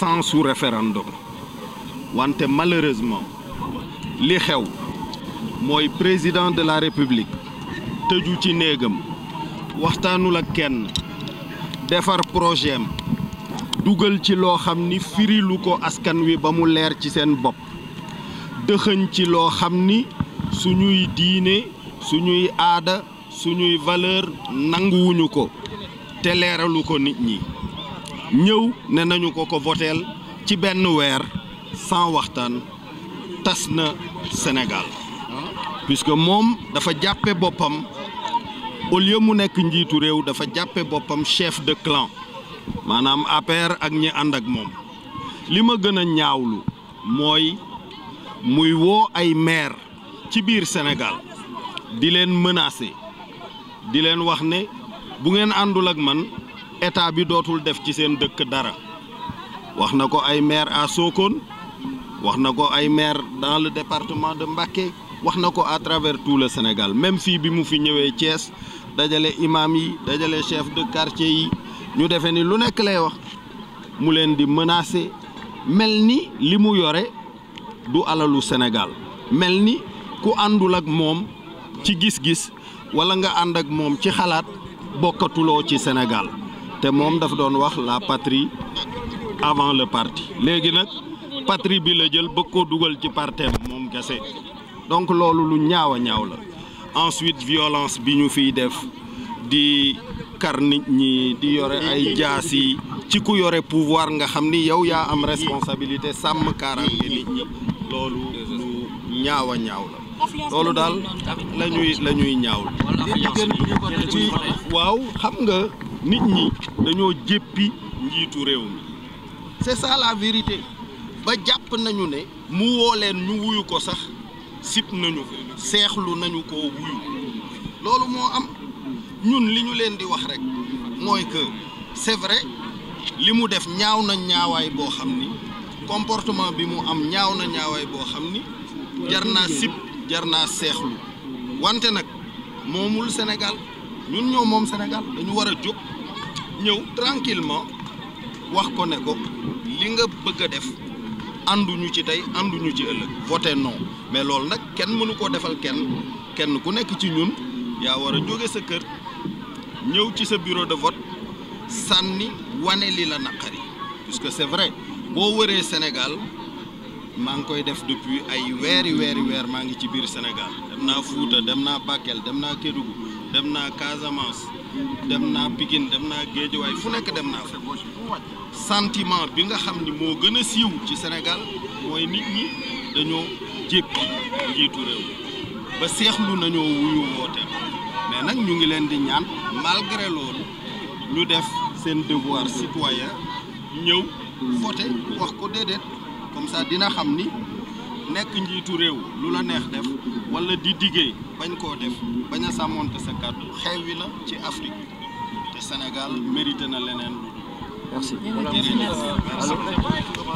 sensu référendum wante malheureusement li xew mooy président de la république tëju ci néegam waxtaanu la kenn defar projet am dugal ci loo xam ni firilu ko askan wi ba mu leer ci seen bopp dëxëñ ci loo xam ni suñuy diine suñuy aada suñuy valeur nanguwuñu ko te leeralu ko nit ñi ñëw ne nañu ko ko voteel ci benn weer sans waxtaan tas na Sénégal puisque moom dafa jàppe boppam au lieu mu nekk njiitu réew dafa jàppe boppam chef de clan maanaam APR ak ñi ànd ak moom li ma gën a ñaawlu mooy muy woo ay maire ci biir Sénégal di leen menacer di leen wax ne bu ngeen àndul ak man état bi dootul def ci seen dëkk dara wax na ko ay maire à Sokone wax na ko ay maire dans le département de Mbacké wax na ko à travers tout le même fii bi mu fi ñëwee cees dajale imam yi dajale chef de quartier yi ñu defee ni lu nekk lay wax mu leen di menacer mel ni li mu yore du alalu senegal mel ni ku àndul ak moom ci gis-gis wala nga ànd ak moom ci xalaat bokkatuloo ci Sénégal te moom dafa doon wax la patrie avant le partie léegi nag patrie bi la jël bëgg koo dugal ci parteem moom kese donc loolu lu ñaaw a ñaaw la ensuite violence bi ñu fiy def di kar nit ñi di yore ay jaas ci ku yore pouvoir nga xam ni yow yaa am responsabilité sàmm kaaraange nit ñi loolu lu ñaawa ñaaw la loolu daal la ñuy la waaw xam nga nit ñi dañoo jéppi njiitu réew mi c'est ça la vérité ba jàpp nañu ne mu woo ñu wuyu ko sax sib nañu seexlu nañu ko wuyu loolu moo am ñun li ñu leen di wax rek mooy que c'est vrai li mu def ñaaw na ñaawaay boo xam ni comportement bi mu am ñaaw na ñaawaay boo xam ni jar naa sib jar naa seexlu wante nag moomul Sénégal ñun ñoo moom Sénégal dañu war a jóg ñëw tranquillement wax ko ne ko li nga bëgg a def ànduñu ci tey ànduñu ci ëllëg voté non mais loolu nag kenn mënu koo defal kenn kenn ku nekk ci ñun yaa war a jóge sa kër ñëw ci sa bureau de vote sànni wane li la naqari puisque c'est vrai boo wëree Sénégal maa ngi koy def depuis ay weeri weeri weer maa ngi ci biir Sénégal dem naa Fuuta dem naa Bakel dem naa Kédougou dem naa Casamance dem naa Pikine dem naa Géejawaay fu nekk dem naa fa sentiment bi nga xam ni moo gën a siiw ci senegal mooy nit ñi dañoo jéppi njiitu réew ba seexlu nañoo wuyu woote mais nag ñu ngi leen di ñaan malgré loolu ñu def seen devoir citoyen ñëw voté wax ko déedéet comme dina xam ni nekk njiitu réew lu la neex def wala di diggéey bañ koo def bañ a sàmmoonte sa kàddu wi la ci Afrique te Sénégal mérité na leneen. merci.